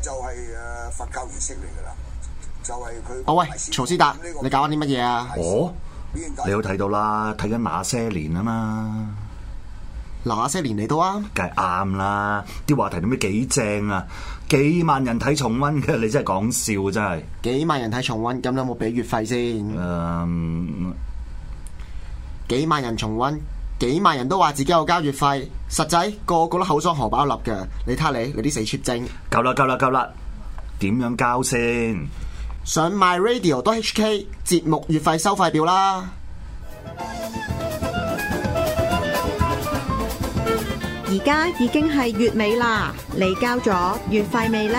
就係誒佛教儀式嚟噶啦，就係佢。哦喂，曹思達，嗯、你搞緊啲乜嘢啊？哦，你好睇到，到啦，睇緊那些年啊嘛？那些年嚟都啱，梗係啱啦！啲話題都咩幾正啊？幾萬人睇重溫嘅，你真係講笑真係。幾萬人睇重溫，咁你有冇俾月費先？嗯，um, 幾萬人重溫。幾萬人都話自己有交月費，實際個，個個都口裝荷包粒嘅。你睇下你，你啲死撮精！夠啦，夠啦，夠啦！點樣交先？上 myradio.hk 節目月費收費表啦。而家已經係月尾啦，你交咗月費未呢？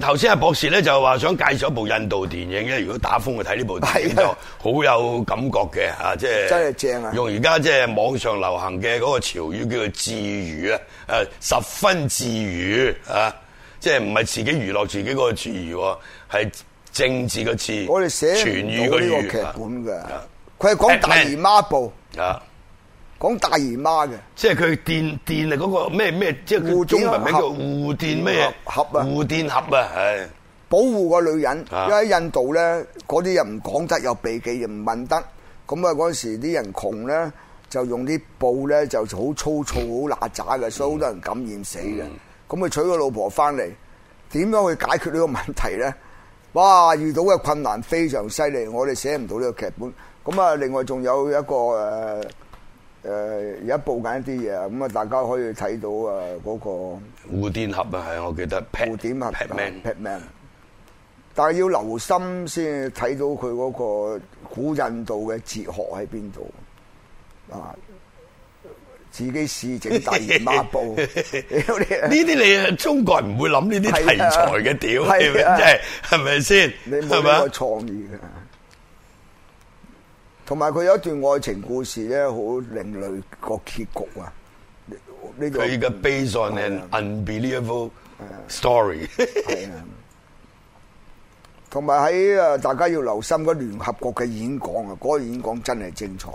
頭先阿博士咧就話想介紹一部印度電影咧，如果打風去睇呢部電影，好的有感覺嘅嚇，即係真係正啊！用而家即係網上流行嘅嗰個潮語叫做治癒啊，誒十分治癒啊，即係唔係自己娛樂自己個自娛，係政治嘅治。我哋寫全語嘅劇本㗎，佢係講大姨媽部啊。講大姨媽嘅，即係佢電電啊！嗰個咩咩，即係叫護墊，唔係叫護墊咩嘢？護墊盒啊，係保護個女人。因為喺印度咧，嗰啲又唔講得，又避忌，又唔問得。咁啊，嗰陣時啲人窮咧，就用啲布咧，就好粗糙，好乸渣嘅，所以好多人感染死嘅。咁佢娶個老婆翻嚟，點樣去解決呢個問題咧？哇！遇到嘅困難非常犀利，我哋寫唔到呢個劇本。咁啊，另外仲有一個誒。誒，而家報緊一啲嘢，咁啊，大家可以睇到啊、那個，嗰個護天俠啊，係我記得，護點俠，patman，patman，但係要留心先睇到佢嗰個古印度嘅哲學喺邊度啊！自己事情第二馬步，呢啲你啊，中國人唔會諗呢啲題材嘅屌，係咪係？係咪先？你冇咩創意噶？同埋佢有一段愛情故事咧，好另類個結局啊！呢個佢嘅 based on an unbelievable story 。同埋喺啊，大家要留心個聯合國嘅演講啊，嗰、那個演講真係精彩。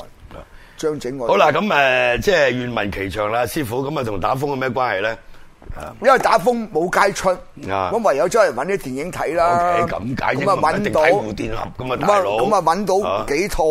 張的整愛好啦，咁誒即係願聞其詳啦，師傅咁啊，同打風有咩關係咧？因為打風冇街出啊，咁的唯有出嚟揾啲電影睇啦。咁、okay, 解咁啊揾到睇胡電立，咁啊，大佬咁啊揾到幾套。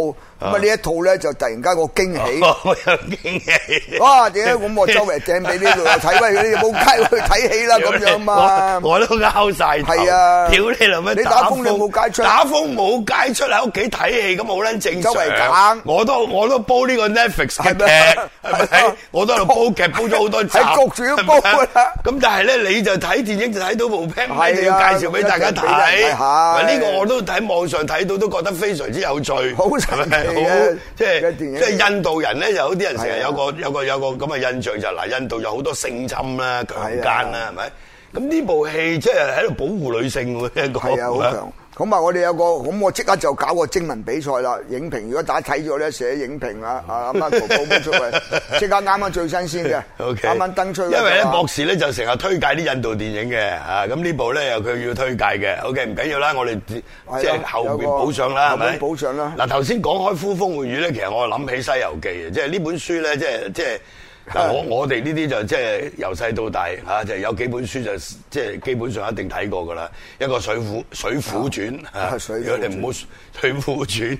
咁啊！呢一套咧就突然間個驚喜，我有驚喜。哇！點解咁我周圍掟俾啲旅遊體威嗰啲冇街去睇戲啦咁樣嘛？我都拗晒。係啊！屌你老味，你打風你冇街出，打風冇街出喺屋企睇戲咁好撚正常。周圍揀我都我都煲呢個 Netflix 嘅劇，係咪啊？我都喺度煲劇，煲咗好多集，係焗住都煲啊！咁但係咧，你就睇電影就睇到部劇，你要介紹俾大家睇。係啊！呢個我都喺網上睇到，都覺得非常之有趣，係咪？好即係即係印度人咧，有啲人成日有個是的 有個有個咁嘅印象就嗱，是，印度有好多性侵啦、強奸啦，係咪是的？咁呢部戲即係喺度保護女性嘅，係啊，好強。咁啊！我哋有個，咁我即刻就搞個徵文比賽啦。影評，如果大家睇咗咧，寫影評啊，啊阿媽報咗出去，即刻啱啱最新鮮嘅。O K，啱啱登出。因為咧，博士咧就成日推介啲印度電影嘅，啊，咁呢部咧又佢要推介嘅。O K，唔緊要啦，我哋即係後面補上啦，係咪？補上啦。嗱，頭先講開呼風喚雨咧，其實我諗起《西遊記》啊，即係呢本書咧，即係即係。我我哋呢啲就即係由細到大嚇，就有幾本書就即係基本上一定睇過噶啦。一個水滸水滸傳嚇，如果你唔好水滸傳，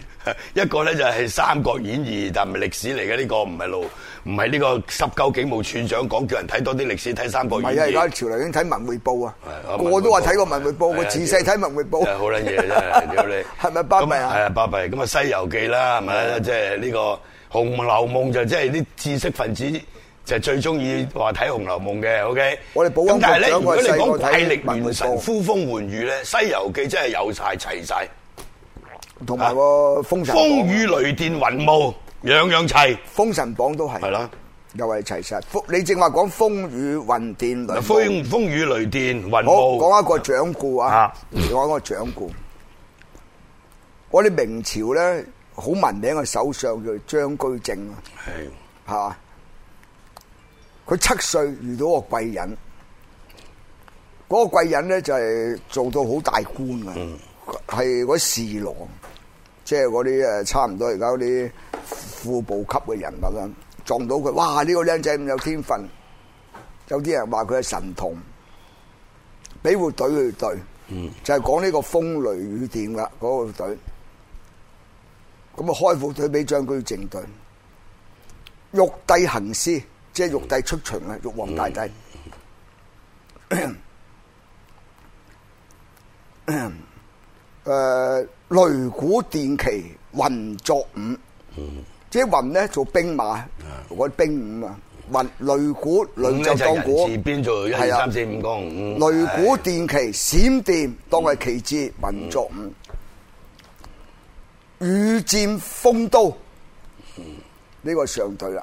一個咧就係《三國演義》，但唔係歷史嚟嘅，呢個唔係路，唔係呢個濕鳩警務處長講叫人睇多啲歷史睇《三國演義》。而家潮流已經睇文匯報啊！我都話睇過文匯報，我自細睇文匯報。好撚嘢真係你！係咪巴閉啊？係啊，巴閉。咁啊，《西遊記》啦，係咪即係呢個《紅樓夢》就即係啲知識分子。就係最中意話睇《紅樓夢》嘅，OK。我哋咁但係咧，如果你講怪力亂神呼風喚雨咧，《西遊記》真係有晒齊晒，同埋個《封神榜》，風雨雷電雲霧，樣樣齊，《封神榜》都係。係啦，又係齊晒。你正話講風雨雲電雷風風雨雷電雲霧。我講一個掌故啊，講一個掌故。我哋明朝咧，好聞名嘅首相叫張居正啊，係，吓。佢七歲遇到個貴人，嗰個貴人咧就係做到好大官嘅，係嗰侍郎，即係嗰啲誒，差唔多而家嗰啲副部級嘅人物啦。撞到佢，哇！呢個靚仔咁有天分，有啲人話佢係神童，俾副對，去對，就係講呢個風雷雨電啦，嗰個對。咁啊，開副對俾張居正對，玉帝行師。即係玉帝出巡啊！玉皇大帝，誒，雷鼓電旗雲作五，即係雲呢做兵馬，我啲兵五啊，雲雷鼓雷就當鼓，邊做一、二、三、四、五槓五，雷鼓電旗閃電當係旗幟，雲作五，雨戰風刀，呢個上對啦。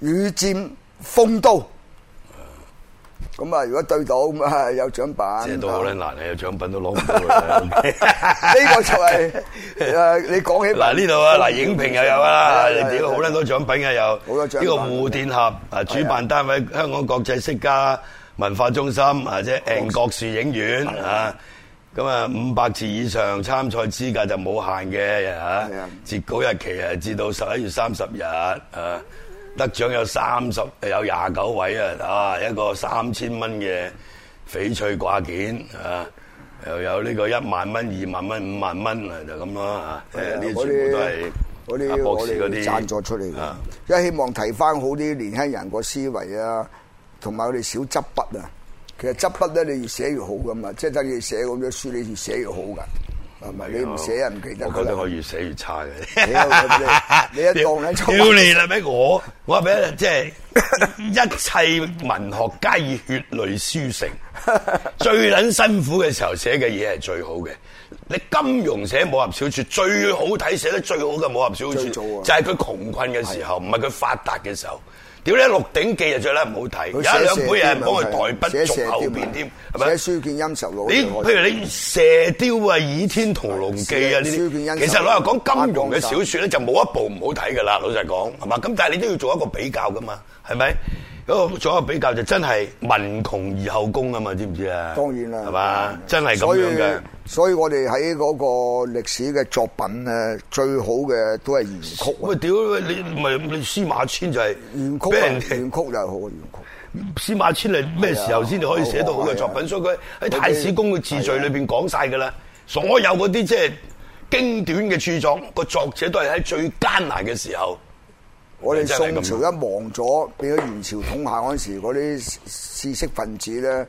雨劍鋒刀，咁啊！如果對到咁啊，有獎品。這都好啦，嗱，有獎品都攞唔到嘅。呢個就係誒，你講起嗱呢度啊，嗱影評又有啦，屌好啦，多獎品嘅又。好多獎呢個護電盒啊！主辦單位香港國際釋迦文化中心啊，即係英國樹影院啊。咁啊，五百字以上參賽資格就冇限嘅吓。截稿日期係至到十一月三十日啊。得獎有三十有廿九位啊！啊，一個三千蚊嘅翡翠掛件啊，又有呢個一萬蚊、二萬蚊、五萬蚊啊，就咁咯嚇！誒、啊，呢全部都係啲些、啊、博士嗰啲贊助出嚟㗎。因為、啊、希望提翻好啲年輕人個思維啊，同埋我哋少執筆啊。其實執筆咧，你越寫越好㗎嘛，即係等你寫咁多書，你越寫越好㗎。唔係 uch an 是你唔寫唔我記得，我覺得我越寫越差嘅。 你一當咧 了，屌你啦！俾我，我話俾你聽，即係，一切文學皆以血淚書成，最撚辛苦嘅時候寫嘅嘢係最好嘅。你金庸寫《武俠小説》最好睇、寫得最好嘅《武俠小説》，就係佢窮困嘅時候，唔係佢發達嘅時候。屌咧《鹿鼎記》就最咧唔好睇，有一兩本嘢幫佢代筆續寫後邊添，係咪？《書劍恩仇錄》，你譬如你《射雕》啊《倚天屠龍記》啊呢啲，其實老實講金庸嘅小説咧就冇一部唔好睇㗎啦，老實講，係嘛？咁但係你都要做一個比較㗎嘛，係咪？做一個比較就真係文窮而後工啊嘛，知唔知啊？當然啦，係嘛吧，的真係咁樣嘅。所以，所以我哋喺嗰個歷史嘅作品咧，最好嘅都係原曲。咪屌你，唔係你司馬遷就係原曲啊，原曲就係好嘅原曲。司馬遷係咩時候先至可以寫到好嘅作品？的所以佢喺《太史公嘅自序裡面》裏邊講晒㗎喇，所有嗰啲即係經典嘅著作，個作者都係喺最艱難嘅時候。我哋宋朝一亡咗，變咗元朝統下嗰陣時，嗰啲知識分子咧，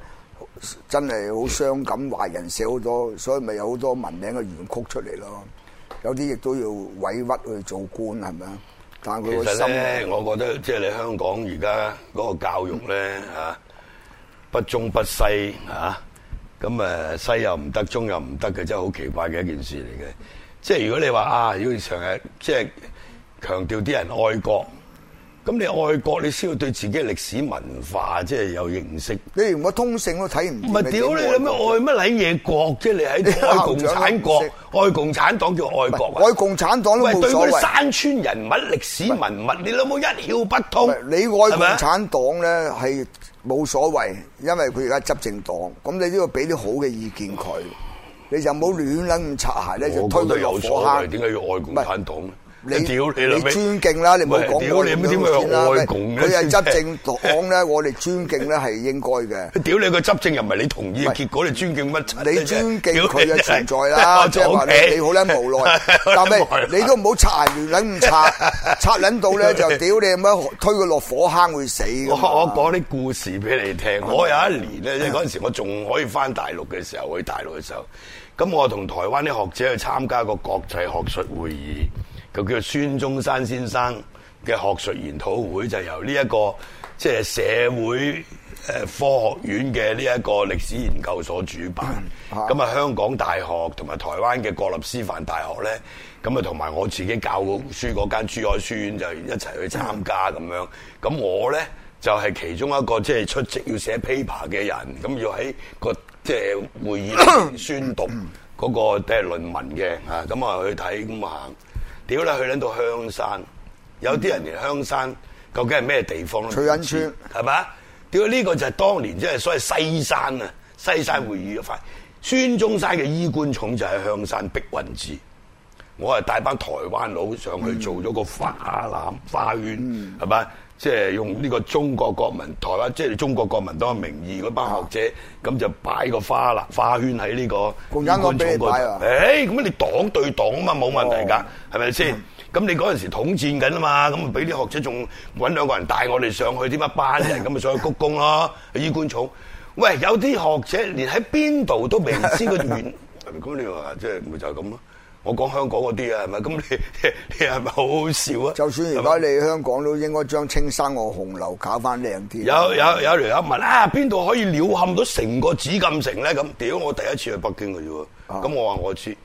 真係好傷感，懷人寫好多，所以咪有好多文名嘅元曲出嚟咯。有啲亦都要委屈去做官，係咪啊？但佢個心其實咧，我覺得即係你香港而家嗰個教育咧嚇，不中不西嚇，咁、啊、誒西又唔得，中又唔得嘅，真係好奇怪嘅一件事嚟嘅。即係如果你話啊，要成日即係。強調啲人愛國，咁你愛國，你先要對自己嘅歷史文化即係有認識。你連個通性都睇唔，唔係屌你咁樣愛乜鬼嘢國？即係你喺度愛共產黨，愛共產黨叫愛國啊？愛共產黨都冇所謂。對嗰啲山川人物、歷史文物，你老母一竅不通。你愛共產黨咧係冇所謂，因為佢而家執政黨，咁你都要俾啲好嘅意見佢。你就唔好亂諗咁擦鞋咧，就推到有火坑。點解要愛共產黨？你屌你啦！你尊敬啦，你唔好講我唔尊敬啦。佢係執政黨咧，我哋尊敬咧係應該嘅。屌你個執政又唔係你同意嘅結果，你尊敬乜？你尊敬佢嘅存在啦，即係話你好咧無奈。但係你都唔好拆人元捻咁拆，拆捻到咧就屌你咁樣推佢落火坑會死。我講啲故事俾你聽。我有一年咧，即係嗰陣時我仲可以翻大陸嘅時候，去大陸嘅時候，咁我同台灣啲學者去參加個國際學術會議。就叫孫中山先生嘅學術研討會，就由呢、這、一個即係、就是、社會誒科學院嘅呢一個歷史研究所主辦。咁啊、嗯，香港大學同埋台灣嘅國立師範大學咧，咁啊同埋我自己教書嗰間珠海書院就一齊去參加咁樣。咁、嗯、我咧就係、是、其中一個即係、就是、出席要寫 paper 嘅人，咁要喺個即係、就是、會議宣讀嗰個即係論文嘅嚇，咁啊、嗯嗯、去睇咁啊。屌啦，去諗到香山，有啲人嚟香山究竟係咩地方咧？徐聞村係咪？屌，呢個就係當年即係所謂西山啊，西山會議一塊，孫中山嘅衣冠冢就喺香山碧雲寺。我係帶班台灣佬上去做咗個花籃花園，係咪？即係用呢個中國國民台、台灣即係中國國民黨名義嗰班學者，咁、啊、就擺個花啦，花圈喺呢個衣冠冢嗰度。咁你黨對黨啊嘛，冇問題㗎，係咪先？咁、嗯、你嗰陣時統戰緊啊嘛，咁咪俾啲學者仲揾兩個人帶我哋上去，啲乜班人咁咪上去鞠躬咯？衣 冠冢，喂，有啲學者連喺邊度都未知個遠。咁 你話即係咪就係咁咯？我講香港嗰啲啊，係咪咁你你係咪好好笑啊？就算而家你香港都應該將青山個紅樓搞翻靚啲。有有有條友問啊，邊度可以鳥瞰到成個紫禁城咧？咁屌我第一次去北京嘅啫喎，咁、啊、我話我知，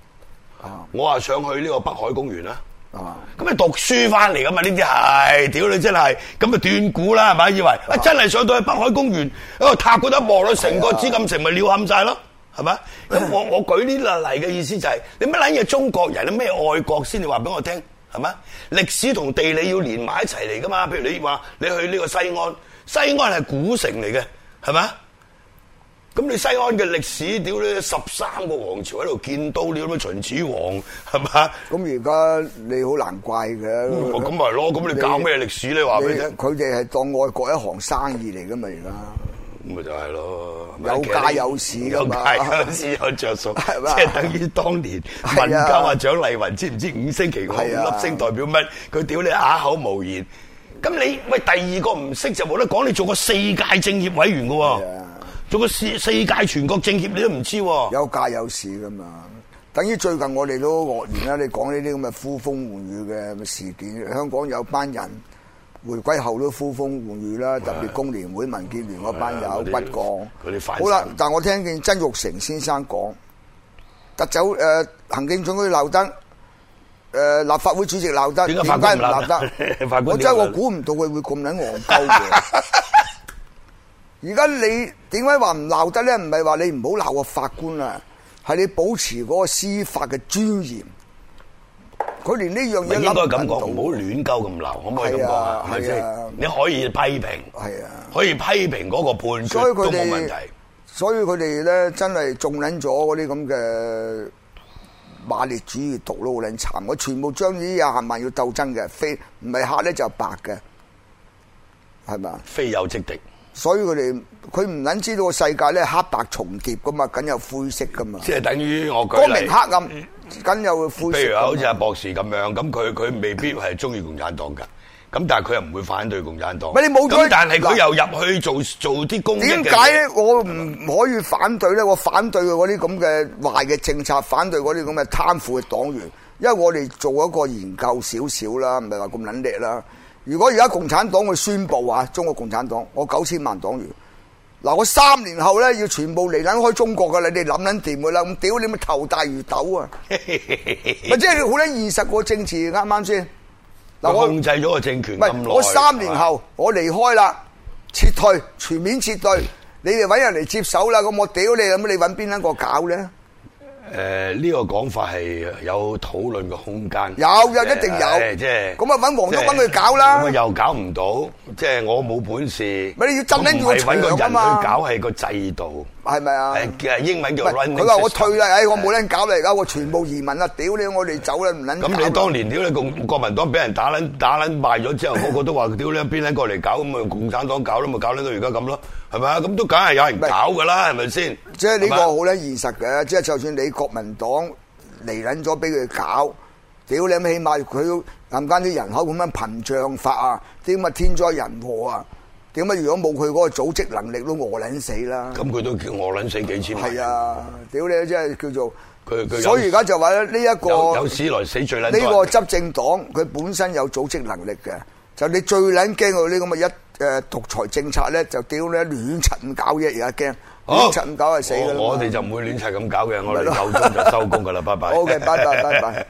啊、我話想去呢個北海公園啦。咁、啊、你讀書翻嚟噶嘛？呢啲係屌你真係，咁啊斷估啦，係咪？以為啊，啊真係上到去北海公園，我、呃、塔過一望我成個紫禁城咪鳥瞰晒咯。啊係嘛？咁我我舉呢個例嘅意思就係、是、你乜撚嘢？中國人你咩愛國先？你話俾我聽，係嘛？歷史同地理要連埋一齊嚟噶嘛？譬如你話你去呢個西安，西安係古城嚟嘅，係嘛？咁你西安嘅歷史屌你十三個王朝喺度建都，你有冇秦始皇？係嘛？咁而家你好難怪嘅。咁咪咯？咁你搞咩歷史你話俾你聽，佢哋係當愛國一行生意嚟嘅嘛？而家。嗯咁咪就係咯，有價有市，噶嘛，有價有市有著數，即係吧等於當年文交啊，蔣麗芸知唔知五星旗嗰五粒星代表乜？佢屌、啊、你啊、啞口無言。咁你喂第二個唔識就冇得講，你做過四屆政協委員噶喎，啊、做過四四屆全國政協你都唔知喎。有價有市噶嘛？等於最近我哋都愕然啦，你講呢啲咁嘅呼風喚雨嘅事件，香港有班人。回歸後都呼風喚雨啦，特別工聯會、民建聯嗰班、啊、友不降。啊、好啦，但係我聽見曾鈺成先生講，特首誒、呃、行政長官鬧得，誒、呃、立法會主席鬧得，點解法官唔鬧得？得 得我真係我估唔到佢會咁捻戇鳩嘅。而家 你點解話唔鬧得咧？唔係話你唔好鬧個法官啊，係你保持嗰個司法嘅尊嚴。佢連呢樣嘢都唔同，唔好亂鳩咁流，可唔可以咁講？係咪先？你可以批評，係啊，可以批評嗰個判決，所以都冇問題。所以佢哋咧真係種撚咗嗰啲咁嘅馬列主義毒瘤腦殘，我全部將呢廿萬要鬥爭嘅非唔係黑咧就白嘅，係嘛？非友即敵。所以佢哋佢唔撚知道個世界咧黑白重疊噶嘛，梗有灰色噶嘛。即係等於我講光明黑暗。咁有負？譬如好似阿博士咁樣，咁佢佢未必係中意共產黨㗎，咁但係佢又唔會反對共產黨。唔係你冇，但係佢又入去做做啲工人。點解咧？我唔可以反對咧？是是我反對嗰啲咁嘅壞嘅政策，反對嗰啲咁嘅貪腐嘅黨員，因為我哋做一個研究少少啦，唔係話咁撚叻啦。如果而家共產黨去宣佈啊，中國共產黨，我九千萬黨員。嗱，我三年後咧要全部離撚開中國噶，你哋諗撚掂冇啦？咁屌你咪頭大如斗啊！咪即係好啲現實個政治啱啱先。嗱，我控制咗個政權咁耐。我三年後我離開啦，撤退全面撤退，你哋揾人嚟接手啦。咁我屌你，咁你揾邊一個搞咧？誒呢個講法係有討論嘅空間，有有一定有，即係咁啊揾黃旭揾佢搞啦，咁啊又搞唔到，即係我冇本事，咪你要就拎住個財力啊嘛，去搞係個制度，係咪啊？英文叫揾，佢話我退啦，我冇捻搞啦而家，我全部移民啊，屌你，我哋走啦唔捻。咁你當年屌你共國民黨俾人打捻打捻敗咗之後，個個都話屌你邊捻過嚟搞，咁啊共產黨搞都咪搞捻到而家咁咯，係咪啊？咁都梗係有人搞㗎啦，係咪先？即係呢個好捻現實嘅，即係就算你。國民黨嚟捻咗俾佢搞，屌你咁起碼佢冧翻啲人口咁樣膨脹法啊，點乜天災人禍啊？點解如果冇佢嗰個組織能力都餓捻死啦！咁佢都叫餓捻死幾千萬。係啊，屌你真係叫做佢佢。所以而家就話咧呢一個有史來死最捻。呢個執政黨佢本身有組織能力嘅，就你最捻驚佢呢咁嘅一誒獨裁政策咧，就屌你亂陳搞嘢，而家驚。亂柒咁搞係死噶啦！我哋就唔會亂柒咁搞嘅，我哋夠鐘就收工噶啦，拜拜。OK，拜拜，拜拜。